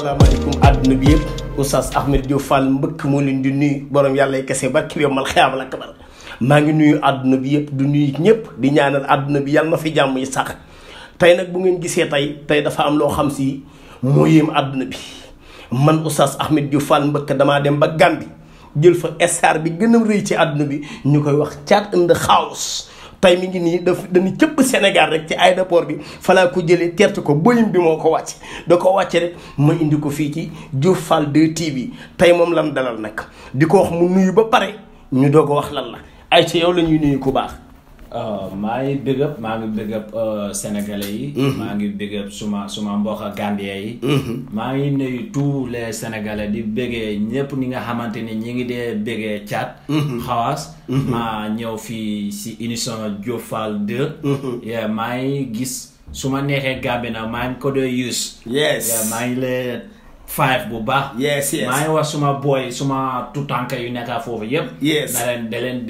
asalaamaaleykum àdduna bi yëpp Oustaz Ahmed Diop Fall mbëkk moo leen di nuyu borom yàlla yi kese ba bi man xiyaamal ak kabar maa ngi nuyu àdduna bi yëpp du nuyu ñëpp di ñaanal àdduna bi yàlla ma fi jàmm yi sax tey nag bu ngeen gisee tey tey dafa am loo xam si moo yéem àdduna bi man Oustaz Ahmed Diop Fall mbëkk damaa dem ba Gàmbi jël fa star bi gën a rëy ci àdduna bi ñu koy wax caat ënd xaawus tey mi ngi nii daf dañu cëpp Sénégal rek ci aéroport bi falaa ko jëlee teerte ko boyum bi moo ko wàcce da ko wàcce rek ma indi ko fii ci Diouf Fall 2TV tey moom lan dalal nag di ko wax mu nuyu ba pare ñu doo ko wax lan la ay ci yow la ñuy nuyu ku baax Euh, maa ngi big maa ngi big up euh, sénégalais yi. Mhm. maa ngi big suma suma mbokk gambien yi. Mhm. maa ngi nuyu tous les sénégalais di bëggee ñëpp ñi nga xamante ni ñi ngi dee bëggee Thiat. Mhm. xawaas. maa ñëw fii si émission Diop Fall 2. maa ngi gis su ma neexee Gambie na maa ngi ko doon use. yes maa ngi lee five bu baax. yes yes maa ngi wax suma boy suma tutanka yu nekk foofu yëpp. yes na leen da leen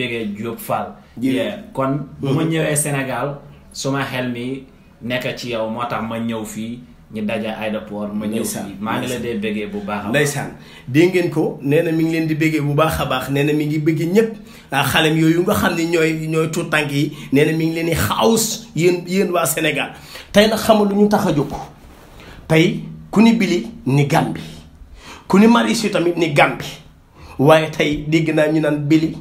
kon bu ma mm-hmm. ñëwee Sénégal suma xel mi nekk ci yow moo tax ma ñëw fii ñu daja aéroport ma ñëw fii maa ngi la dee bëggee bu baax a baax ndeysaan ngeen ko nee na mi ngi leen di bëggee bu baax a baax nee na mi ngi bëggee ñëpp ah, xalem yooyu nga xam ne ñooy ñooy tuut tànk yi nee na mi ngi leen di xaawus yéen yéen waa senegal tey nag xamul lu ñu tax a jóg tey ku ni Billy ni Gambi ku ni Marichou tamit ni Gambi waaye tey dégg naa ñu naan bili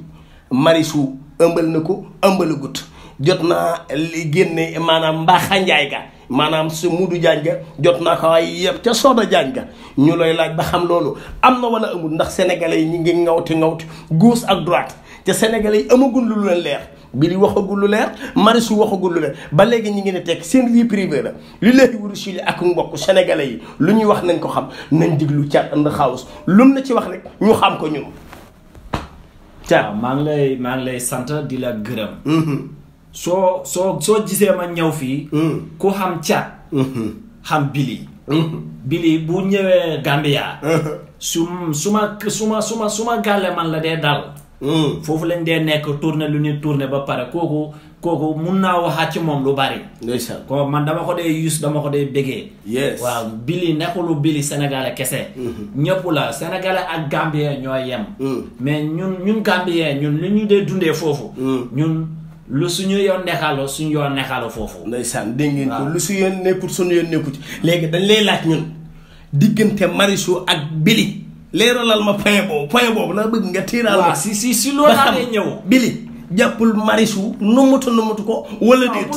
Marichou ëmbal na ko ëmbalagut jot naa li génne maanaam mbaaxa njaay ga maanaam su mudu jaañ ga jot naa ko waaye yëpp ca sooda jaañ ga ñu lay laaj ba xam loolu am na a amul ndax sénégalais yi ñu ngi ngawti ngawti gauche ak droite te sénégalais yi amagul lu leen leer bi biri waxagul lu leer marisu waxagul lu leer ba léegi ñu ngi ne tekk seen vie privée la li léegi wuru sili ak mbokk sénégalais yi lu ñuy wax nañ ko xam nañ diglu cat and xaawus lum na ci wax rek ñu xam ko ñun waaw man ngi lay maa lay centre di la gërëm. Mm-hmm. soo soo soo gisee ma ñëw fii. Mm-hmm. ku xam Thiat. Mm-hmm. xam Billy. Billy bu ñëwee Gambia. su su ma su ma su ma man la dee dal. Mm. foofu lañ dee nekk tourné lu ñuy tourné ba pare kooku kooku mun naa waxaat ci moom lu bari. ndeysaan man dama ko dee yus dama ko dee bëggee. yes waaw Billy nekkulu Billy sénégalais kese. Mm-hmm. ñëpp la sénégalais ak gambien ñoo yem. Mm. mais ñun ñun gambien ñun lu ñu dee dundee foofu. Mm. ñun lu suñu yoon nekkaloo suñu yoon nekkaloo foofu. ndeysaan dégg ngeen ko lu su yoon nekkul su yoon nekkul ci léegi dañ lay laaj ñun diggante Marichou ak Billy. leeralal ma point boobu point boobu laa bëgg nga tiiraal. waaw si si si loolu laa lay ñëw bili jàppul Marichou nummatu nummatu ko. wala déet non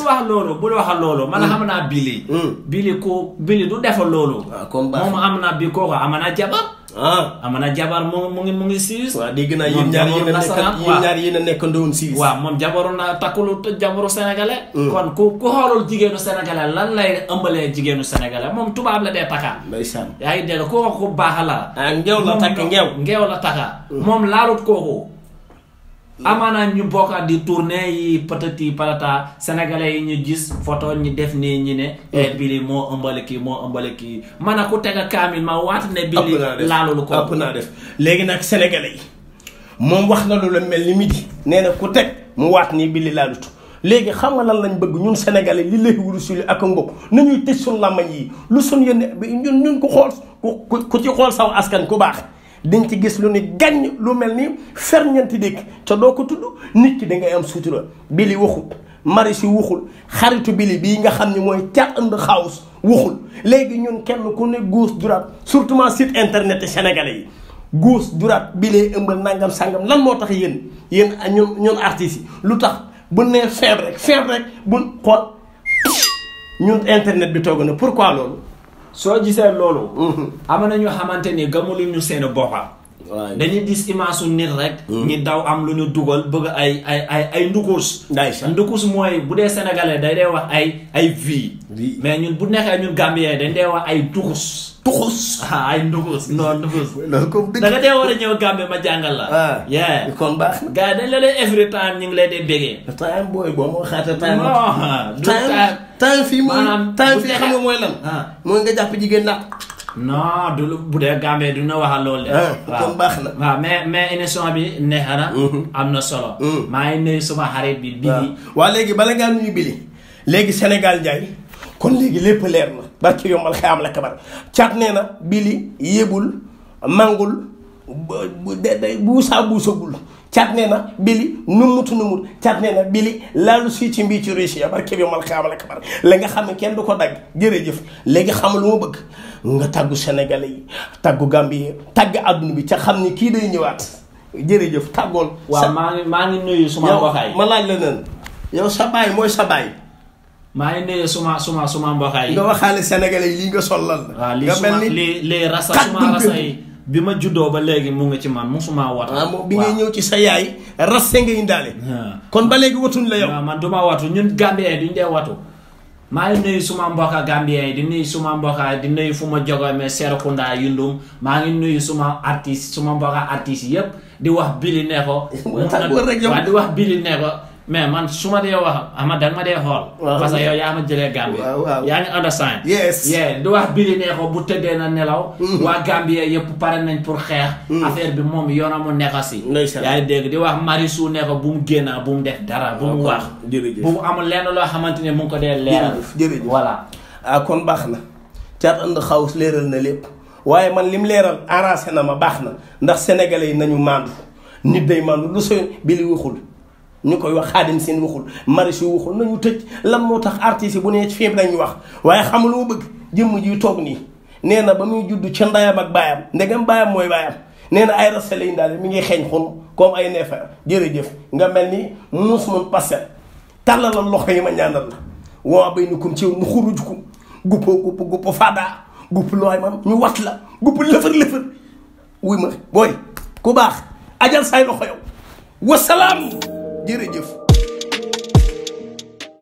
bul wax loolu wax loolu. man hmm. xam naa Billy. Hmm. Billy ko Billy du defal loolu. Ah, moom am naa bi kooku am naa jabar. Ah. am na jabar mu mu ngi mu ngi Suisse. waaw dégg naa yéen a nekk yéen ñaar yéen a moom jabaru na takkulu jabaru sénégalais. Hmm. kon ku ku xoolul jigéenu sénégalais lan lay ëmbalee jigéenu sénégalais moom tubaab la dee takka. ndeysaan yaa ngi dégg kooku baax la. ah ngeew la takka ngeew. ngeew la takka. moom laalut kooku. amaanaa ñu bokkaat di tournée yi patati patata sénégalais yi ñu gis photo ñi def nii ñi ne mm. et eh, moo ëmbale kii moo ëmbale kii man a ku teg a kaamil ma waat ne bi li laalulu ko ëpp naa def léegi nag sénégalais yi moom wax na lu la mel ni midi nee na ku teg mu waat nii bi li léegi xam nga lan lañ bëgg ñun sénégalais li lay wuru suli ak mbokk nañuy tëj suñ làmmañ yi lu sun yénn ñun ñun ku xool ku ci xool saw askan ku baax dañ ci gis lu ni gàññ lu mel ni ferñeenti dëkk te doo ko tudd nit ki da ngay am sutura bili waxul mari si waxul xaritu bili bii nga xam ni mooy cat and house waxul léegi ñun kenn ku ne gauche droite surtout site internet sénégalais yi gauche droite bi lay ëmbal nangam sangam lan moo tax yéen yéen ñun ñun artistes yi lu tax bu nee feeb rek feeb rek bu xool ñun internet bi togg na pourquoi loolu soo gisee loolu. Mhm. am na ñu xamante ni gëmuluñu seen boppam. dañuy gis image su nit rek. ñu mhm. daw am lu ñu dugal bëgg ay ay ay ay ndukus. ndukus mooy bu dee sénégalais day dee wax ay ay vie. mais ñun bu nekkee ñu gambien dañ dee wax ay tukus. tukus ay ndukus non ndukus. da nga dee war a ñëw Gambie ma jàngal la. waaw ah. kon baax na. dañ la lay every time ñu ngi lay dee bégee. boo ma temps fii mooy temps fii nga mooy lan. Ah. mooy nga jàpp jigéen ndax. non du bu dee Gambie du na waxal loolu de. Ah, kon baax na mais mais émission bi neex na. Mm-hmm. am na solo. Mm. maa ngi nuyu suma xarit bi Bili. waaw léegi bala ngaa nuyu Bili léegi Sénégal Ndiaye kon léegi lépp leer na barke yombal xëy am la kabar caat nee na Bili mangul bu bu buusaa buusagul. caat nee na bili numutu numut caat nee na bili laalu sii ci mbii ci réussir barke bi mal xaamal ak bar la nga xam ne kenn du ko dagg jërëjëf léegi xam lu bëgg nga tàggu Sénégalais yi tàggu Gambie yi tàgg àdduna bi ca xam ni kii day ñëwaat jërëjëf tàggool. waaw maa ngi maa ngi nuyu suma waxaay ma laaj la nen yow sa baay mooy sa baay. maa ngi nuyu suma suma suma mbokk yi. nga waxaale sénégalais yi lii nga solal. waaw lii suma lii lii rasa suma rasa yi. bi ma juddoo ba léegi mu nga ci man musuma watu. Ah, waaw bi ngay ñëw ci sa yaay rase nga indaale. Ah. kon ba léegi watuñ la yow. waaw man du ma watu ñun Gambien duñ dee watu. maa ngi nuyu suma mbokka Gambien yi di nuyu suma mbokka di nuyu fu ma jogoomee Serekunda Yundum maa ngi nuyu suma artiste suma mbokka artiste yëpp di wax Billy ne ko. di wax Billy ne ko. mais man su ma dee wax ama ah, da ma dee xool. parce que yow yaa ma jëlee Gambie. yaa ngi understand. yes yeah du wax Billy Nekho bu tëddee na nelaw. Mm-hmm. waa Gambie yëpp pare nañ pour xeex. Mm-hmm. affaire bi moom yoonam mu nekk si. yaa ngi dégg di wax Marichou Nekho bu mu génna bu mu def dara. bu mu ah, wax bu mu amul lenn loo xamante ne mu ngi ko dee leeral. jërëjëf voilà. Ah, kon baax na. Thiat And House leeral na lépp. waaye man lim leeral arrangé na ma baax na ndax sénégalais yi nañu maandu nit day maandu lu ñu koy wax xaadim seen waxul maraîchers waxul nañu tëj lan moo tax artistes yi bu nee fiib lañu wax waaye xam lu bëgg jëmm ji toog nii nee na ba muy judd ca ndayam ak baayam ndegam baayam mooy baayam nee na ay rase lañu daal mi ngi xeeñ xun comme ay neefe jërëjëf nga mel ni muus mun pasel tàllalal loxo yi ma ñaanal la waa bay ni kum ci nu xuruj ko guppoo gupp fada gupp looy ñu wat la gupp lëfër lëfër wuy ma booy ku baax ajal say loxo yow wasalaam jërëjëf